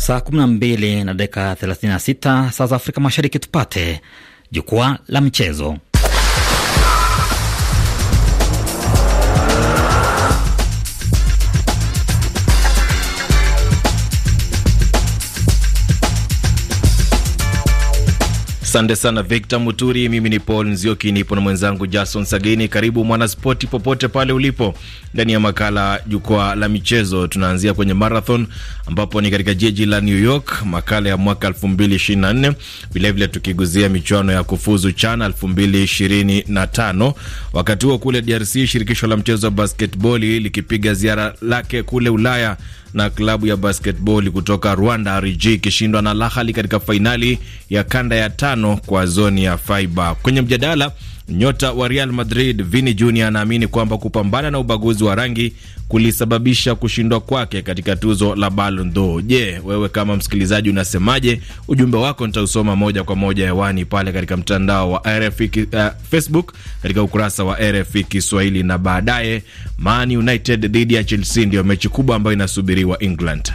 Saa 12 na dakika 36 saa za Afrika Mashariki, tupate jukwaa la michezo. Asante sana Victor Muturi. Mimi ni Paul Nzioki, nipo na mwenzangu Jason Sagini. Karibu mwanaspoti popote pale ulipo ndani ya makala jukwaa la michezo. Tunaanzia kwenye marathon ambapo ni katika jiji la New York, makala ya mwaka 2024 vilevile, tukiguzia michuano ya kufuzu CHAN 2025. Wakati huo kule DRC, shirikisho la mchezo wa basketboli likipiga ziara lake kule Ulaya na klabu ya basketball kutoka Rwanda RG ikishindwa na Lahali katika fainali ya kanda ya tano kwa zoni ya faiba. Kwenye mjadala Nyota wa Real Madrid Vini Jr anaamini kwamba kupambana na ubaguzi wa rangi kulisababisha kushindwa kwake katika tuzo la Ballon d'Or. Je, wewe kama msikilizaji unasemaje? Ujumbe wako nitausoma moja kwa moja hewani pale katika mtandao wa RFI, uh, eh, Facebook katika ukurasa wa RFI Kiswahili. Na baadaye Man United dhidi ya Chelsea ndiyo mechi kubwa ambayo inasubiriwa England.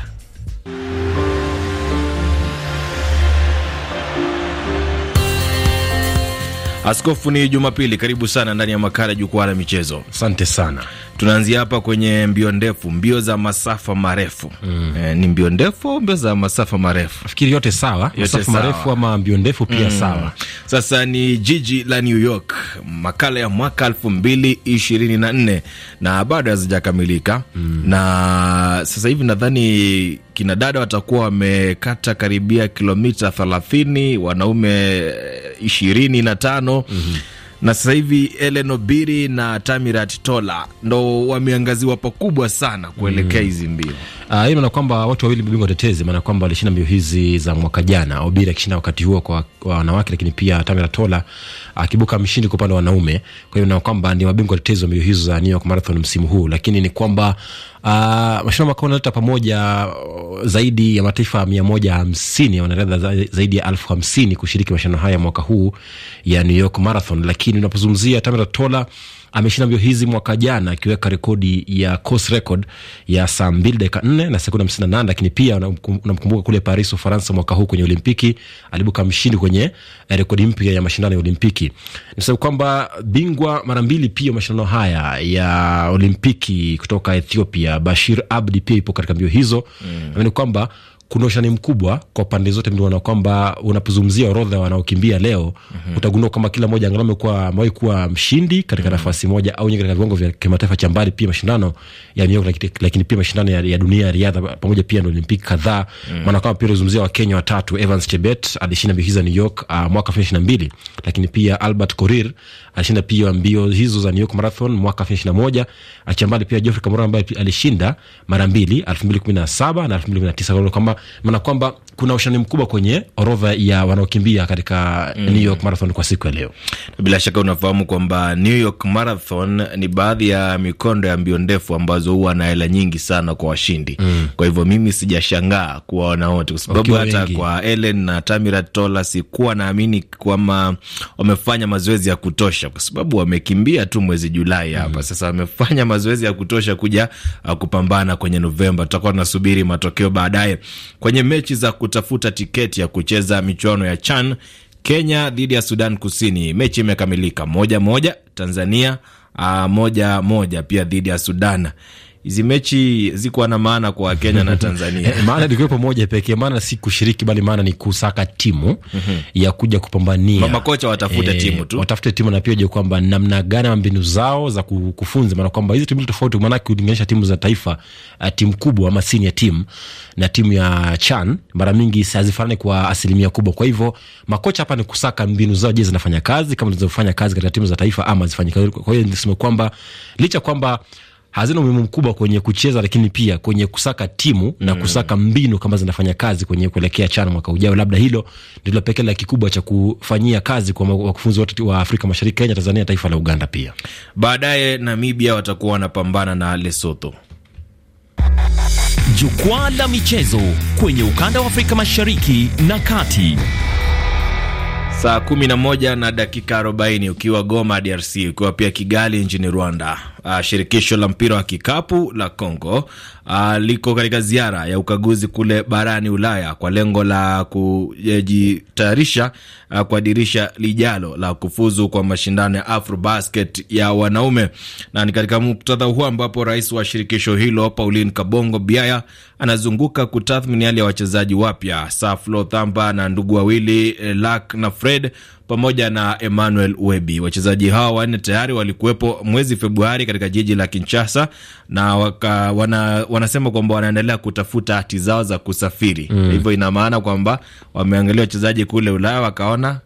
Askofu, ni Jumapili, karibu sana ndani ya makala ya jukwaa la michezo. Asante sana. Tunaanzia hapa kwenye mbio ndefu, mbio za masafa marefu mm. E, ni mbio ndefu au mbio za masafa marefu? Nafikiri yote sawa, yote masafa sawa, marefu ama mbio ndefu pia mm. sawa. Sasa ni jiji la New York, makala ya mwaka elfu mbili ishirini na nne na bado hazijakamilika mm. na sasa hivi nadhani kinadada watakuwa wamekata karibia kilomita thelathini, wanaume ishirini na tano mm -hmm na sasa hivi Ellen Obiri na Tamirat Tola ndo wameangaziwa pakubwa sana kuelekea mm. hizi mbio. Uh, ah, hii maana kwamba watu wawili mabingwa tetezi, maana kwamba walishinda mbio hizi za mwaka jana, Obiri akishinda wakati huo kwa wanawake, lakini pia Tamirat Tola akibuka mshindi kwa upande wa wanaume. Kwa hiyo na kwamba ni mabingwa tetezi wa mbio hizo za New York Marathon msimu huu, lakini ni kwamba uh, mashindano makao yanaleta pamoja zaidi ya mataifa mia moja hamsini wanariadha zaidi ya elfu hamsini kushiriki mashindano haya mwaka huu ya New York Marathon, lakini unapozungumzia Tamara Tola ameshinda mbio hizi mwaka jana akiweka rekodi ya course record ya saa mbili dakika nne na sekunde hamsini na nane lakini pia unamkumbuka kule Paris, Ufaransa, mwaka huu kwenye Olimpiki alibuka mshindi kwenye eh, rekodi mpya ya mashindano ya Olimpiki. Nisema kwamba bingwa mara mbili pia mashindano haya ya Olimpiki kutoka Ethiopia Bashir Abdi pia ipo katika mbio hizo mm. Amini kwamba kuna ushani mkubwa kwa pande zote, mbili, ndio kwamba unapozungumzia orodha wanaokimbia leo mm-hmm. utagundua kwamba kila mmoja angalau amekuwa amewahi kuwa mshindi katika mm-hmm. nafasi moja au nyingi katika viwango vya kimataifa cha mbali, pia mashindano ya miongo, lakini pia mashindano ya, ya dunia ya riadha pamoja pia na olimpiki kadhaa mm-hmm. maana kama pia unazungumzia Wakenya watatu Evans Chebet alishinda mbio hizo za New York uh, mwaka 2022 lakini pia Albert Korir alishinda pia mbio hizo za New York Marathon mwaka 2021 achambali pia Geoffrey Kamworor ambaye alishinda mara mbili 2017 na 2019 na kwamba maana kwamba kuna ushindani mkubwa kwenye orodha ya wanaokimbia katika mm. New York Marathon kwa siku ya leo. Bila shaka unafahamu kwamba New York Marathon ni baadhi ya mikondo ya mbio ndefu ambazo huwa na hela nyingi sana kwa washindi mm. Kwa hivyo mimi sijashangaa kuwaona wote, kwa sababu hata wengi. kwa Ellen na Tamira Tola sikuwa naamini kwamba wamefanya mazoezi ya kutosha, kwa sababu wamekimbia tu mwezi Julai hapa mm. Sasa wamefanya mazoezi ya kutosha kuja uh, kupambana kwenye Novemba. Tutakuwa tunasubiri matokeo baadaye kwenye mechi za kutafuta tiketi ya kucheza michuano ya CHAN Kenya dhidi ya Sudan Kusini. Mechi imekamilika moja moja, Tanzania a, ah, moja moja pia dhidi ya Sudan hizi mechi zikuwa na maana kwa Kenya na Tanzania. maana ilikuwa pamoja pekee, maana si kushiriki, bali maana ni kusaka timu ya kuja kupambania. Makocha watafute e, timu tu watafute timu na pia je, kwamba namna gani mbinu zao za kufunza, maana kwamba hizi timu tofauti, maana ukilinganisha timu za taifa, eh, timu kubwa ama senior team na timu ya CHAN mara mingi hazifanani kwa asilimia kubwa. Kwa hivyo makocha hapa ni kusaka mbinu zao, je, zinafanya kazi kama zinazofanya kazi katika timu za taifa ama zifanyi kazi. Kwa hiyo niseme kwamba licha kwamba hazina umuhimu mkubwa kwenye kucheza, lakini pia kwenye kusaka timu na mm. kusaka mbinu kama zinafanya kazi kwenye kuelekea CHAN mwaka ujao. Labda hilo ndilo pekee la kikubwa cha kufanyia kazi kwa wakufunzi wote wa Afrika Mashariki, Kenya, Tanzania, taifa la Uganda pia. Baadaye Namibia watakuwa wanapambana na Lesotho. Jukwaa la michezo kwenye ukanda wa Afrika Mashariki na Kati. Saa 11 na dakika 40 ukiwa Goma, DRC, ukiwa pia Kigali nchini Rwanda uh, shirikisho la mpira wa kikapu la Congo uh, liko katika ziara ya ukaguzi kule barani Ulaya kwa lengo la kujitayarisha uh, kwa dirisha lijalo la kufuzu kwa mashindano ya Afrobasket ya wanaume, na ni katika muktadha huo ambapo rais wa shirikisho hilo Pauline Kabongo Biaya anazunguka kutathmini hali ya wachezaji wapya Saflo Thamba na ndugu wawili eh, Lak na Fred pamoja na Emmanuel Webi. Wachezaji hao wanne tayari walikuwepo mwezi Februari katika jiji la Kinshasa na waka, wana, wanasema kwamba wanaendelea kutafuta hati zao za kusafiri mm. Hivyo ina maana kwamba wameangalia wachezaji kule Ulaya wakaona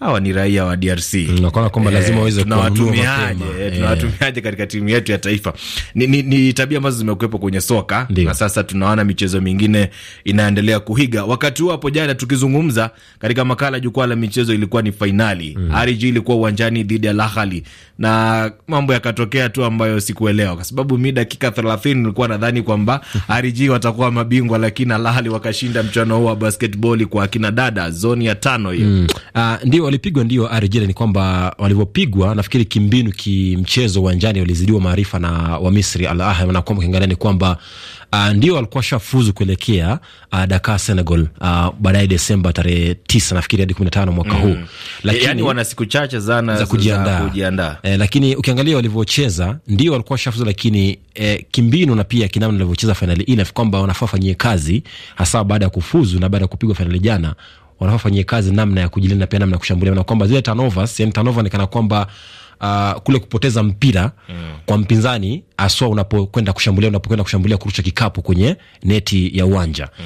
hawa ni raia wa DRC mm, nakuona kwamba eh, lazima waweze tunawatumiaje, e, tunawatumiaje e, katika timu yetu ya taifa. Ni, ni, ni tabia ambazo zimekuwepo kwenye soka Ndiyo. na sasa tunaona michezo mingine inaendelea kuhiga. Wakati huo hapo jana tukizungumza katika makala jukwaa la michezo, ilikuwa ni fainali mm. RG ilikuwa uwanjani dhidi ya Lahali na mambo yakatokea tu ambayo sikuelewa, kwa sababu mi dakika thelathini nilikuwa nadhani kwamba RG watakuwa mabingwa, lakini Lahali wakashinda mchuano huo wa basketboli kwa akina dada, zoni ya tano hiyo mm. uh, walipigwa ndio Algeria, ni kwamba walivyopigwa, nafikiri kimbinu, kimchezo, uwanjani walizidiwa maarifa na Wamisri Al Ahly, na kwamba ukiangalia ni kwamba uh, ndio walikuwa shafuzu kuelekea uh, Dakar Senegal, uh, baadaye Desemba tarehe tisa nafikiri hadi kumi na tano mwaka mm. huu, lakini yani wana siku chache sana za kujiandaa, kujianda. Eh, lakini ukiangalia walivyocheza ndio walikuwa shafuzu, lakini eh, kimbinu na pia kinamna walivyocheza fainali ile kwamba wanafaa fanyie kazi, hasa baada ya kufuzu na baada ya kupigwa fainali jana wanafanyia kazi namna ya kujilinda pia namna ya kushambulia, na kwamba zile turnovers, yani turnover ni kana kwamba Uh, kule kupoteza mpira mm, kwa mpinzani aswa unapokwenda kushambulia unapokwenda kushambulia kurusha kikapu kwenye neti ya uwanja mm.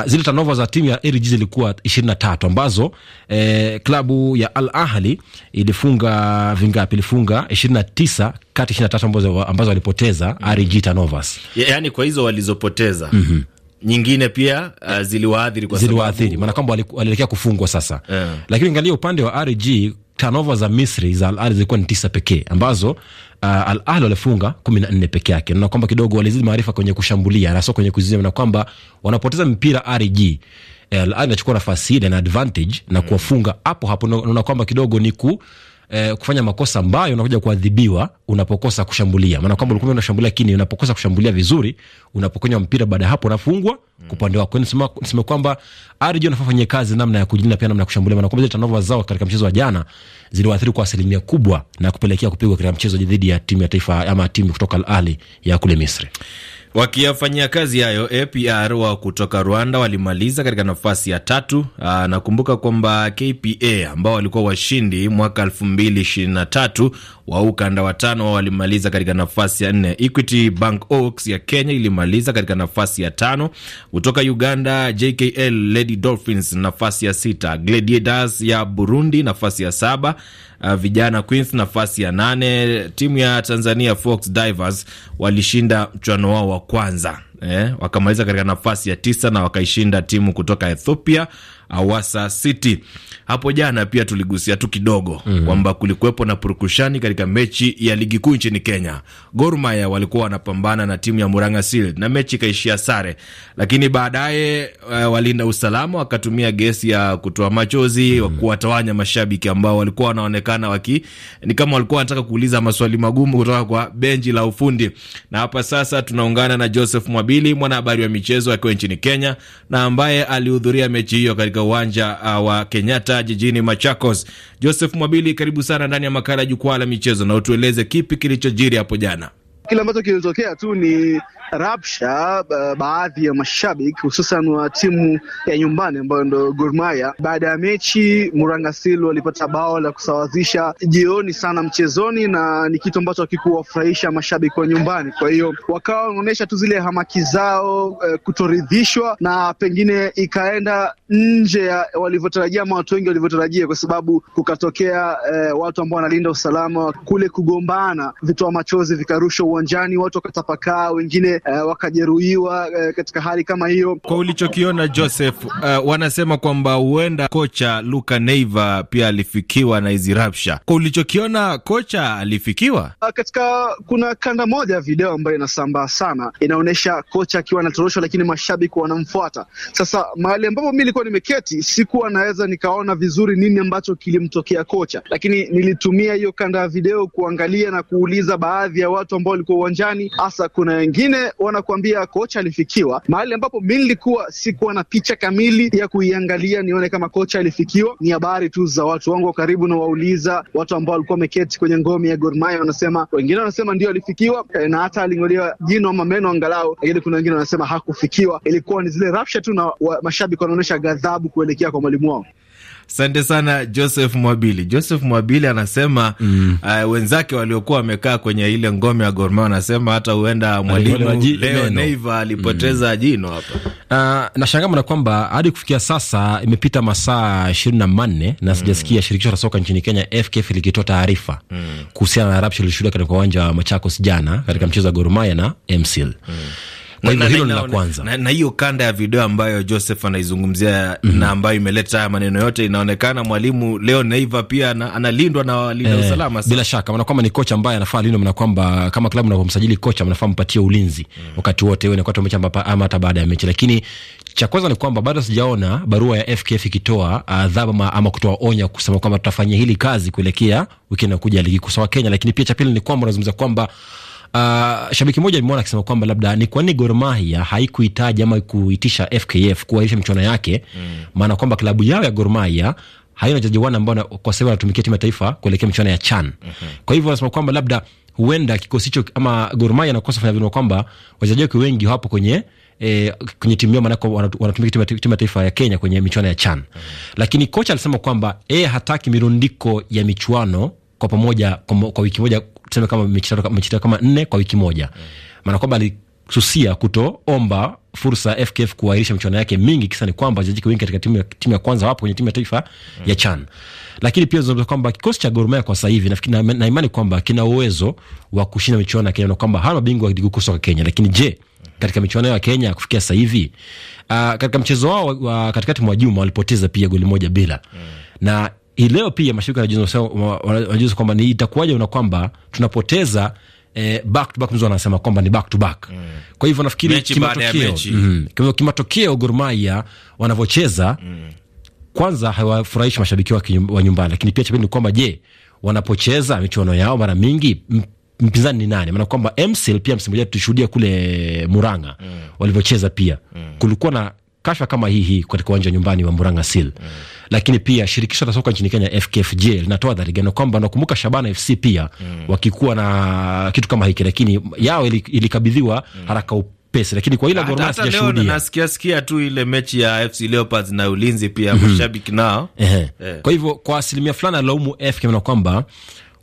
Uh, zile tanova za timu ya RG zilikuwa 23 ambazo eh, klabu ya Al Ahli ilifunga vingapi? Ilifunga 29 kati ishirini na tatu ambazo, ambazo walipoteza mm. RG tanovas, yaani kwa hizo walizopoteza mm -hmm nyingine pia uh, ziliwaathiri kwa ziliwaathiri, maana kwamba walielekea kufungwa sasa, yeah. Lakini angalia upande wa RG tanova za Misri za Al Ahli zilikuwa ni tisa pekee ambazo uh, Al Ahli walifunga kumi na nne peke yake, na kwamba kidogo walizidi maarifa kwenye kushambulia na sio kwenye kuzuia, na kwamba wanapoteza mpira RG eh, Al Ahli inachukua nafasi ile na advantage na kuwafunga hapo hapo. Naona kwamba kidogo ni ku eh, kufanya makosa ambayo unakuja kuadhibiwa unapokosa kushambulia. Maana kwamba ulikuwa unashambulia, lakini unapokosa kushambulia vizuri, unapokonywa mpira, baada ya hapo unafungwa mm. kupande wako. Yaani nisema nisema kwamba RG anafanya kazi namna ya kujilinda, pia namna ya kushambulia. Maana kwamba zile tanova zao katika mchezo wa jana ziliwaathiri kwa asilimia kubwa na kupelekea kupigwa katika mchezo dhidi ya timu ya taifa ama timu kutoka Al Ahly ya kule Misri. Wakiyafanyia kazi hayo, APR wa kutoka Rwanda walimaliza katika nafasi ya tatu. anakumbuka ah, nakumbuka kwamba KPA ambao walikuwa washindi mwaka 2023 wa ukanda wa tano wao walimaliza katika nafasi ya nne. Equity Bank Oaks ya Kenya ilimaliza katika nafasi ya tano. Kutoka Uganda JKL Lady Dolphins nafasi ya sita, Gladiators ya Burundi nafasi ya saba uh, vijana Queens nafasi ya nane. Timu ya Tanzania Fox Divers walishinda mchuano wao wa kwanza eh, wakamaliza katika nafasi ya tisa na wakaishinda timu kutoka Ethiopia Awasa City. Hapo jana pia tuligusia tu kidogo mm -hmm. kwamba kulikuwepo na purukushani katika mechi ya ligi kuu nchini Kenya. Gor Mahia walikuwa wanapambana na timu ya Murang'a Seals na mechi ikaishia sare, lakini baadaye uh, walinda usalama wakatumia gesi ya kutoa machozi mm -hmm. kuwatawanya mashabiki ambao walikuwa wanaonekana waki ni kama walikuwa wanataka kuuliza maswali magumu kutoka kwa benji la ufundi. Na hapa sasa tunaungana na Joseph Mwabili, mwanahabari wa michezo akiwa nchini Kenya na ambaye alihudhuria mechi hiyo katika katika uwanja uh, wa Kenyatta jijini Machakos. Joseph Mwabili, karibu sana ndani ya makala ya Jukwaa la Michezo, na utueleze kipi kilichojiri hapo jana. Kile ambacho kilitokea tu ni rapsha baadhi ya mashabiki hususan wa timu ya nyumbani ambayo ndo Gor Mahia. Baada ya mechi, Murangasilo walipata bao la kusawazisha jioni sana mchezoni, na ni kitu ambacho hakikuwafurahisha mashabiki wa nyumbani. Kwa hiyo wakawa wanaonyesha tu zile hamaki zao, eh, kutoridhishwa na pengine ikaenda nje ya walivyotarajia ama watu wengi walivyotarajia, kwa sababu kukatokea e, watu ambao wanalinda usalama kule kugombana, vitoa machozi vikarushwa uwanjani, watu wakatapakaa, wengine uh, wakajeruhiwa uh, katika hali kama hiyo. Kwa ulichokiona Joseph, uh, wanasema kwamba huenda kocha Luka Neiva pia alifikiwa na hizi rapsha. Kwa ulichokiona, kocha alifikiwa uh, katika kuna kanda moja ya video ambayo inasambaa sana, inaonyesha kocha akiwa anatoroshwa, lakini mashabiki wanamfuata. Sasa mahali ambapo mi nilikuwa nimeketi, sikuwa naweza nikaona vizuri nini ambacho kilimtokea kocha, lakini nilitumia hiyo kanda ya video kuangalia na kuuliza baadhi ya watu ambao yuko uwanjani hasa. Kuna wengine wanakuambia kocha alifikiwa mahali ambapo mi nilikuwa sikuwa na picha kamili ya kuiangalia nione kama kocha alifikiwa. Ni habari tu za watu wangu wa karibu, na wauliza watu ambao walikuwa wameketi kwenye ngome ya Gor Mahia, wanasema wengine wanasema ndio alifikiwa eh, na hata aling'olewa jino ama meno angalau, lakini kuna wengine wanasema hakufikiwa. Ilikuwa ni zile rafsha tu na mashabiki wanaonyesha ghadhabu kuelekea kwa mwalimu wao. Asante sana Joseph Mwabili. Joseph Mwabili anasema mm. uh, wenzake waliokuwa wamekaa kwenye ile ngome ya Gorma wanasema hata huenda mwalimu leo Neiva alipoteza mm. jino hapa. Uh, nashangaa na kwamba hadi kufikia sasa imepita masaa ishirini na manne na sijasikia mm. shirikisho la soka nchini Kenya FKF likitoa taarifa mm. kuhusiana na rabsha ilishuhudia katika uwanja wa Machakos jana katika mm. mchezo wa Gorumaya na MCL mm. Kwa hivyo hilo ni la kwanza, na hiyo kanda ya video ambayo Joseph anaizungumzia mm -hmm. na mhm. ambayo imeleta haya maneno yote, inaonekana mwalimu leo Neiva pia analindwa na walinda eh, usalama bila shaka, maana kwamba ni kocha ambaye anafaa lindwa, maana kwamba kama klabu mnapomsajili kocha mnafaa mpatie ulinzi mm -hmm. wakati wote, iwe ni wakati mechi ama hata baada ya mechi, lakini cha kwanza ni kwamba bado sijaona barua ya FKF ikitoa adhabu ama, ama kutoa onya kusema kwamba tutafanya hili kazi kuelekea wikendi inakuja ligi kuu Kenya. Lakini pia cha pili ni kwamba unazungumza kwamba Uh, shabiki mmoja nimeona akisema kwamba labda ni kwa nini Gor Mahia haikuhitaji ama kuitisha FKF kuahirisha michuano yake, mm. maana mm. kwamba klabu yao ya Gor Mahia haina wachezaji wana ambao kwa sasa wanatumikia timu ya taifa kuelekea michuano ya CHAN. mm -hmm. Kwa hivyo wanasema kwamba labda huenda kikosi hicho ama Gor Mahia nakosa fanya vile kwamba wachezaji wake wengi hapo kwenye E, kwenye timu yao maanake wanatumia timu ya taifa ya Kenya kwenye michuano ya CHAN. mm -hmm. Lakini kocha alisema kwamba yeye hataki mirundiko ya michuano kwa pamoja kwa, kwa wiki moja tuseme kama mechi tatu kama nne kwa wiki moja, mm. maana kwamba alisusia kutoomba fursa FKF kuahirisha michuano yake mingi. Kisa ni kwamba wachezaji wengi katika timu ya, timu ya kwanza wapo kwenye timu ya taifa mm. ya CHAN, lakini pia zungumza kwamba kikosi cha Gor Mahia kwa sasa hivi nafikiri na, na imani kwamba kina uwezo wa kushinda michuano ya Kenya na kwamba hana mabingwa wa ligi kuu soka Kenya, lakini je katika michuano ya Kenya kufikia sasa hivi uh, katika mchezo wao wa katikati mwa juma walipoteza pia goli moja bila mm. na hii leo pia mashirika wanajua kwamba ni itakuwaje na kwamba tunapoteza eh, back to back, mzo anasema kwamba ni back to back mm. Kwa hivyo nafikiri kimatokeo mm, kimatokeo Gor Mahia wanavyocheza mm. Kwanza hawafurahishi mashabiki wa, wa nyumbani, lakini pia cha pili ni kwamba je, wanapocheza michuano yao mara mingi mpinzani ni nani? Maana kwamba MCL pia msimu jana tushuhudia kule Muranga mm. walivyocheza pia mm. kulikuwa na kashfa kama hii hii katika uwanja nyumbani wa Murang'a Seal mm. Lakini pia shirikisho la soka nchini Kenya FKFJ linatoa dhari kwamba nakumbuka Shabana FC pia mm. wakikuwa na kitu kama hiki, lakini yao ilikabidhiwa mm. haraka upesi lakini kwa ile Gor Mahia sijashuhudia. Nasikia sikia tu ile mechi ya FC Leopards na Ulinzi pia mm -hmm. nao. eh. Kwa hivyo kwa asilimia fulani alaumu FKF na kwamba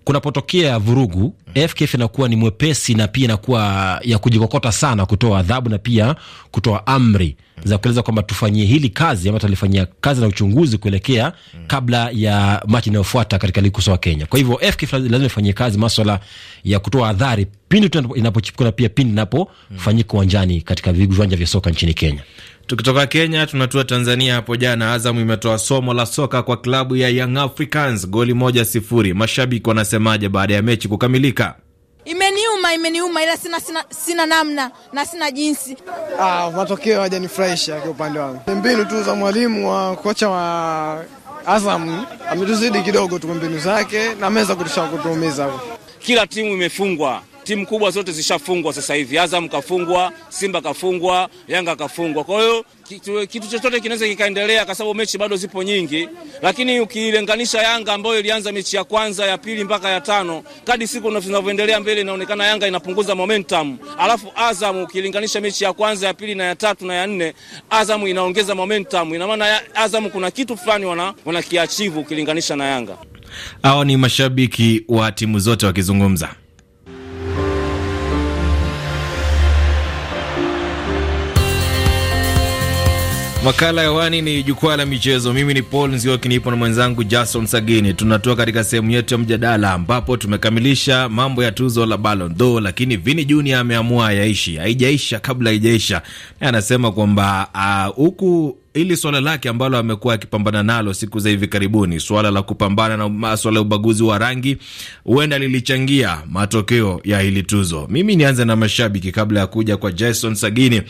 kunapotokea vurugu, FKF inakuwa ni mwepesi na pia inakuwa ya kujikokota sana kutoa adhabu na pia kutoa amri za kueleza kwamba tufanyie hili kazi ama tulifanyia kazi na uchunguzi kuelekea kabla ya machi inayofuata katika ligi kusoa Kenya. Kwa hivyo FKF lazima ifanyie kazi maswala ya kutoa adhari pindi tu inapochipuka na pia pindi inapofanyika uwanjani katika viwanja vya soka nchini Kenya. Tukitoka Kenya tunatua Tanzania. Hapo jana Azamu imetoa somo la soka kwa klabu ya Young Africans goli moja sifuri. Mashabiki wanasemaje baada ya mechi kukamilika? Imeniuma, imeniuma ila sina, sina, sina namna na sina jinsi. Ah, matokeo hayajanifurahisha kwa upande wangu. Mbinu tu za mwalimu wa kocha wa Azam ametuzidi kidogo tu mbinu zake na ameweza kutusha kutuumiza. Kila timu imefungwa timu kubwa zote zishafungwa sasa hivi. Azam kafungwa, Simba kafungwa, Yanga kafungwa. Kwa hiyo kitu, kitu chochote kinaweza kikaendelea, kwa sababu mechi bado zipo nyingi, lakini ukilinganisha Yanga ambayo ilianza mechi ya kwanza ya pili mpaka ya tano, kadi siku zinavyoendelea mbele inaonekana Yanga inapunguza momentum, alafu Azam ukilinganisha mechi ya kwanza ya pili na ya tatu na ya nne, Azam inaongeza momentum. Ina maana Azam kuna kitu fulani wana wanakiachivu ukilinganisha na Yanga. Hao ni mashabiki wa timu zote wakizungumza. Makala ya wani ni jukwaa la michezo. Mimi ni Paul Nzioki, nipo na mwenzangu Jason Sagini. Tunatoa katika sehemu yetu ya mjadala ambapo tumekamilisha mambo ya tuzo la Ballon d'Or, lakini Vini Junior ameamua yaishi, haijaisha kabla haijaisha, anasema kwamba ah, huku uh, hili swala lake ambalo amekuwa akipambana nalo siku za hivi karibuni, swala la kupambana na maswala ya ubaguzi wa rangi, huenda lilichangia matokeo ya hili tuzo. Mimi nianze na mashabiki kabla ya kuja kwa Jason Sagini.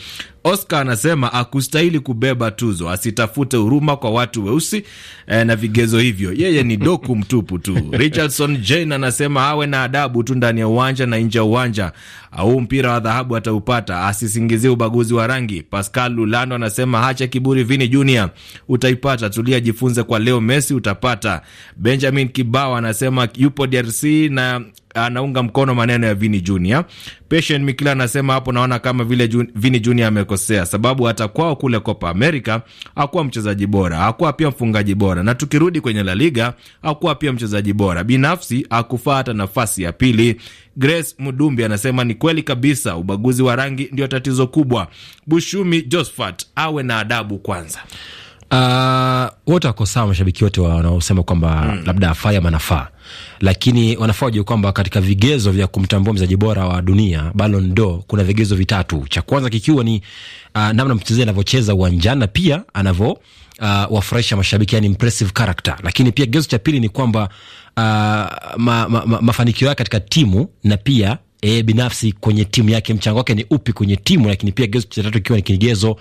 Oscar anasema akustahili kubeba tuzo, asitafute huruma kwa watu weusi eh, na vigezo hivyo, yeye ni doku mtupu tu. Richardson Jane anasema awe na adabu tu ndani ya uwanja na nje ya uwanja, au mpira wa dhahabu ataupata, asisingizie ubaguzi wa rangi. Pascal Lulando anasema hacha kiburi, Vini Junior utaipata, tulia, jifunze kwa leo. Messi utapata. Benjamin Kibao anasema yupo DRC na anaunga mkono maneno ya Vini Junior. Patient Mikila anasema hapo, naona kama vile Jun, Vini Junior amekosea, sababu hata kwao kule Copa America hakuwa mchezaji bora, hakuwa pia mfungaji bora, na tukirudi kwenye La Liga hakuwa pia mchezaji bora. Binafsi hakufaa hata nafasi ya pili. Grace Mudumbi anasema ni kweli kabisa, ubaguzi wa rangi ndio tatizo kubwa. Bushumi Josphat awe na adabu kwanza. Uh, wote wako sawa, mashabiki wote wanaosema kwamba mm, labda afaa ama nafaa lakini wanafaa kwamba katika vigezo vya kumtambua mchezaji bora wa dunia Ballon d'Or kuna vigezo vitatu, cha kwanza kikiwa ni uh, namna mchezaji anavyocheza uwanjani na pia anavyo uh, wafurahisha mashabiki, yani impressive character. Lakini pia kigezo cha pili ni kwamba uh, ma, ma, ma, mafanikio yake katika timu na pia e, binafsi kwenye timu yake, mchango wake ni upi kwenye timu, lakini pia kigezo cha tatu ikiwa ni kigezo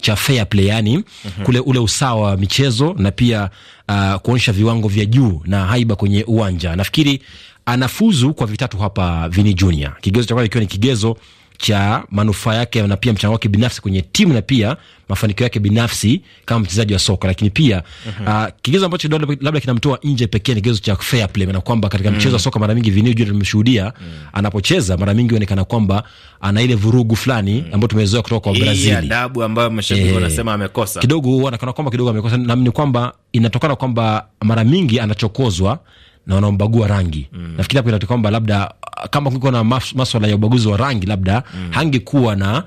cha fair play, yani mm -hmm. kule ule usawa wa michezo na pia uh, kuonyesha viwango vya juu na haiba kwenye uwanja. Nafikiri anafuzu kwa vitatu hapa Vini Junior, kigezo cha kwanza ikiwa ni kigezo cha manufaa yake na pia mchango wake binafsi kwenye timu na pia mafanikio yake binafsi kama mchezaji wa soka. Lakini pia mm -hmm. uh, kigezo ambacho labda kinamtoa nje pekee ni kigezo cha fair play, maana kwamba katika mm. mchezo wa soka mara mingi vinio jua tumeshuhudia mm -hmm. anapocheza mara mingi huonekana kwamba ana ile vurugu fulani mm -hmm. ambayo tumezoea kutoka kwa Brazil, adabu ambayo mashabiki eh. wanasema amekosa kidogo, huonekana kwamba kidogo amekosa, na ni kwamba inatokana kwamba mara mingi anachokozwa na wanaombagua rangi mm. Nafikiri hapo inatoka kwamba labda kama kulikuwa na maswala ya ubaguzi wa rangi labda mm. hangekuwa na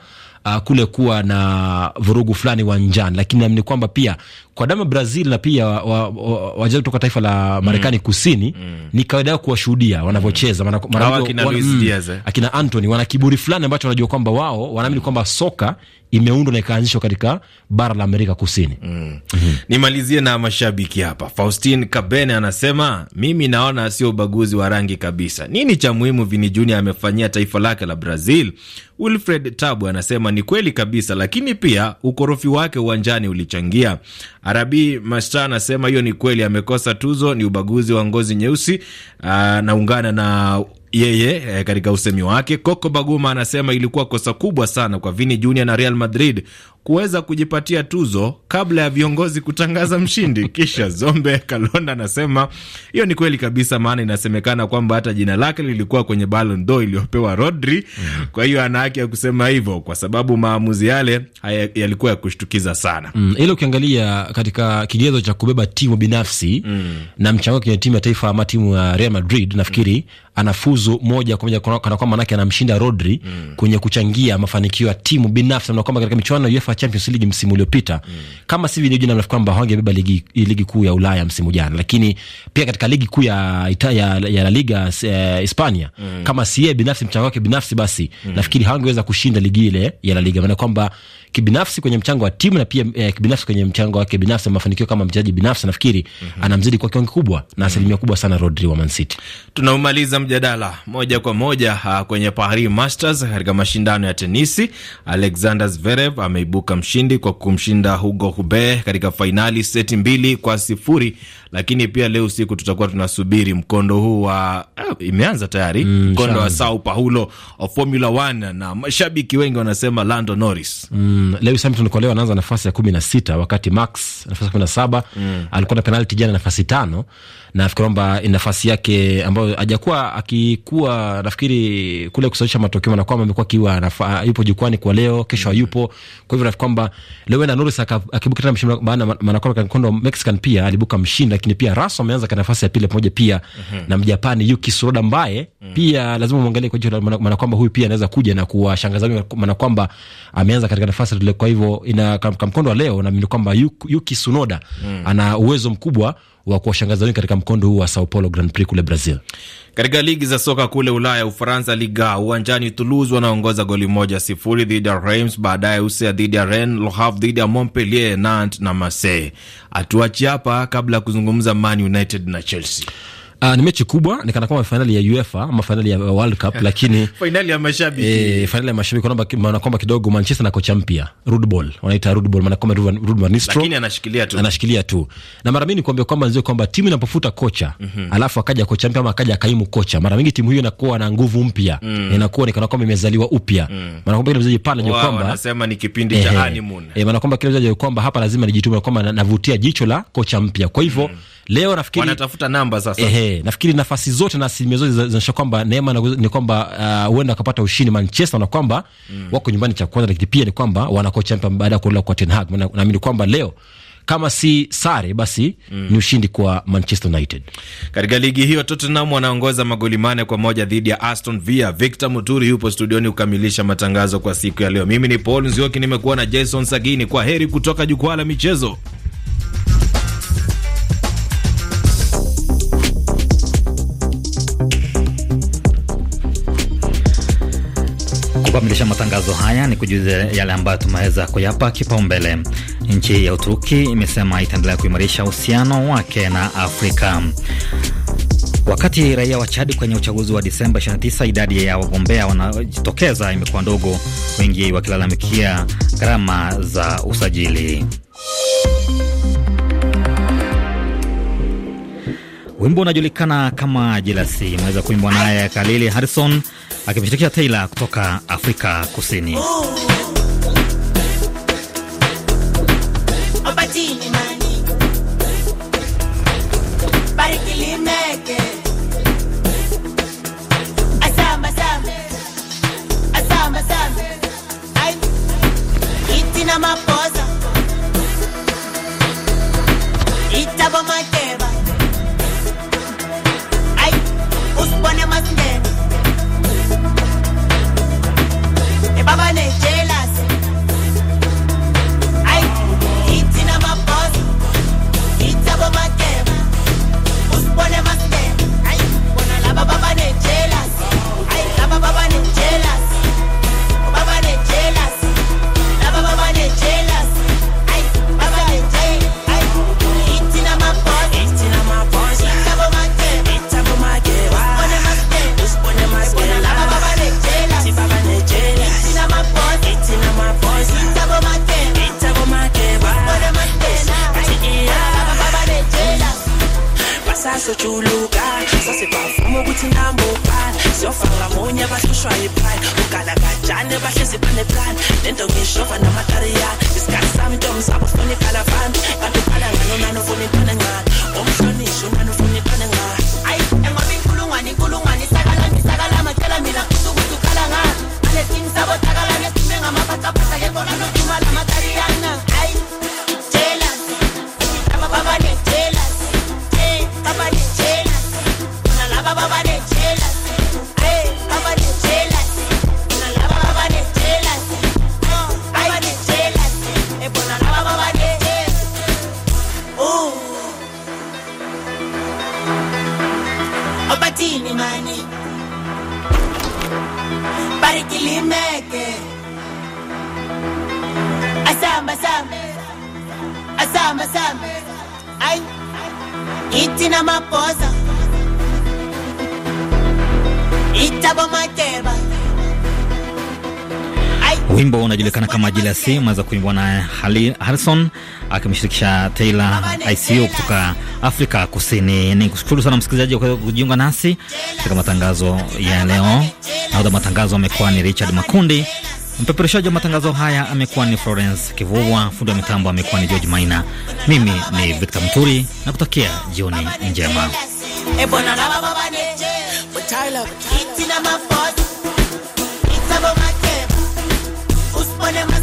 uh, kule kuwa na vurugu fulani njani lakini naamini kwamba pia kwa dama Brazil na pia wachezaji kutoka taifa la Marekani mm. kusini mm. ni kawaida yao kuwashuhudia wanavyocheza mm. akina, wan, mm, eh. akina wana kiburi fulani ambacho wanajua kwamba wao wanaamini kwamba soka imeundwa na ikaanzishwa katika bara la Amerika Kusini. mm. mm -hmm. Nimalizie na mashabiki hapa. Faustin Kabene anasema mimi naona sio ubaguzi wa rangi kabisa. Nini cha muhimu Vini Junior amefanyia taifa lake la Brazil? Wilfred Tabu anasema ni kweli kabisa, lakini pia ukorofi wake uwanjani ulichangia. Arabi Masta anasema hiyo ni kweli, amekosa tuzo, ni ubaguzi wa ngozi nyeusi. Ah, naungana na yeye eh, katika usemi wake. Coco Baguma anasema ilikuwa kosa kubwa sana kwa Vini Junior na Real Madrid kuweza kujipatia tuzo kabla ya viongozi kutangaza mshindi. Kisha Zombe Kalonda anasema hiyo ni kweli kabisa, maana inasemekana kwamba hata jina lake lilikuwa kwenye Ballon d'Or iliyopewa Rodri. Mm-hmm. Kwa hiyo ana haki ya kusema hivyo, kwa sababu maamuzi yale yalikuwa ya kushtukiza sana. Mm, ila ukiangalia katika kigezo cha kubeba timu binafsi mm, na mchango kwenye timu ya taifa ama timu ya Real Madrid nafikiri mm, anafuzu moja kwa moja kana kwamba manake anamshinda Rodri mm, kwenye kuchangia mafanikio ya timu binafsi na kwamba katika michuano ya UEFA kutoka Champions League msimu uliopita mm. Kama sivyo ni jina kwamba hawangebeba ligi, ligi kuu ya Ulaya msimu jana, lakini pia katika ligi kuu ya, ya, ya La Liga eh, Hispania mm. Kama sie binafsi mchango wake binafsi basi mm. Nafikiri hawangeweza kushinda ligi ile ya La Liga maana kwamba kibinafsi kwenye mchango wa timu na pia eh, kibinafsi kwenye mchango wake binafsi na mafanikio kama mchezaji binafsi, nafikiri mm -hmm. anamzidi kwa kiwango kikubwa na asilimia kubwa sana Rodri wa Man City. Tunaumaliza mjadala moja kwa moja ha, ah, kwenye Paris Masters katika mashindano ya tenisi, Alexander Zverev ameibuka mshindi kwa kumshinda Hugo Hubert katika fainali seti mbili kwa sifuri lakini pia leo usiku tutakuwa tunasubiri mkondo huu wa eh, imeanza tayari mm, mkondo wa Sao Paulo wa Formula 1 na mashabiki wengi wanasema Lando Norris. Mm, Lewis Hamilton kwa leo anaanza nafasi ya kumi na sita wakati Max nafasi ya kumi na saba mm. alikuwa na penalti jana nafasi tano nafikiri kwamba nafasi yake ambayo hajakuwa akikuwa, nafikiri kule kusababisha matokeo na kwamba amekuwa kiwa yupo jukwani kwa leo, kesho mm. hayupo. mm -hmm. Kwa hivyo nafikiri kwamba leo na Norris akibuka tena mshindi, maana kwa mkondo Mexican pia alibuka mshindi lakini pia Raso ameanza kwa nafasi ya pili pamoja pia mm -hmm. na Mjapani Yuki Tsunoda ambaye mm -hmm. pia lazima muangalie kwa jicho, maana kwamba huyu pia anaweza kuja na kuwashangaza, maana kwamba ameanza katika nafasi ile. Kwa hivyo ina kamkondo wa leo na mimi kwamba Yuki Tsunoda mm -hmm. ana uwezo mkubwa wa kuwashangaza wengi katika mkondo huu wa Sao Paulo Grand Prix kule Brazil. Katika ligi za soka kule Ulaya, Ufaransa, Liga uwanjani, Toulouse wanaongoza goli moja sifuri dhidi ya Reims, baadaye Usea dhidi ya Rennes, Le Havre dhidi ya Montpellier, Nantes na Marseille. Hatuachi hapa kabla ya kuzungumza Man United na Chelsea. Uh, ni mechi kubwa ni kana kwamba fainali ya UEFA ama fainali ya World Cup, lakini fainali ya mashabiki eh, fainali ya mashabiki, kwamba maana kwamba kidogo Manchester na kocha mpya Ruud Boll, wanaita Ruud Boll, maana kwamba Ruud Van Nistelrooy, lakini anashikilia tu anashikilia tu, na mara mingi nikwambia kwamba nzio kwamba timu inapofuta kocha mm -hmm. alafu akaja kocha mpya ama akaja kaimu kocha, mara mingi timu hiyo inakuwa na nguvu mpya mm. inakuwa ni kana kwamba imezaliwa upya mm. maana kwamba ile mzaji pale ndio kwamba anasema ni kipindi cha honeymoon eh, maana kwamba kile mzaji kwamba hapa lazima nijitume kwamba navutia jicho la kocha mpya, kwa hivyo mm Leo nafikiri wanatafuta namba sasa. Ehe, nafikiri nafasi zote na asilimia zote zinaonyesha kwamba neema ni kwamba uh, huenda uh, akapata ushindi Manchester na kwamba mm, wako nyumbani cha kwanza, lakini pia ni kwamba wanakuwa champion baada ya kuondoka kwa Ten Hag. Naamini kwamba leo kama si sare basi mm, ni ushindi kwa Manchester United. Katika ligi hiyo Tottenham wanaongoza magoli mane kwa moja dhidi ya Aston Villa. Victor Muturi yupo studioni kukamilisha matangazo kwa siku ya leo. Mimi ni Paul Nzioki, nimekuwa na Jason Sagini. Kwa heri kutoka jukwaa la michezo. Kukamilisha matangazo haya ni kujuza yale ambayo tumeweza kuyapa kipaumbele. Nchi ya Uturuki imesema itaendelea kuimarisha uhusiano wake na Afrika. Wakati raia wa Chadi kwenye uchaguzi wa Disemba 29, idadi ya wagombea wanaojitokeza imekuwa ndogo, wengi wakilalamikia gharama za usajili. Wimbo unajulikana kama Jelasi, imeweza kuimbwa naye Kalili Harrison akimshirikisha Taylor kutoka Afrika Kusini. Oh. samba samba ai iti na maposa itabo mateba Wimbo unajulikana kama Jealousy, za kuimbwa na Harrison akimshirikisha Taylor ICO kutoka Afrika Kusini. Ni kushukuru sana msikilizaji kwa kujiunga nasi katika matangazo ya leo. Nahodha matangazo amekuwa ni Richard Makundi. Mpeperushaji wa matangazo haya amekuwa ni Florence Kivuvwa, fundi wa mitambo amekuwa ni George Maina, mimi ni Victor Mturi na kutakia jioni njema. Eh,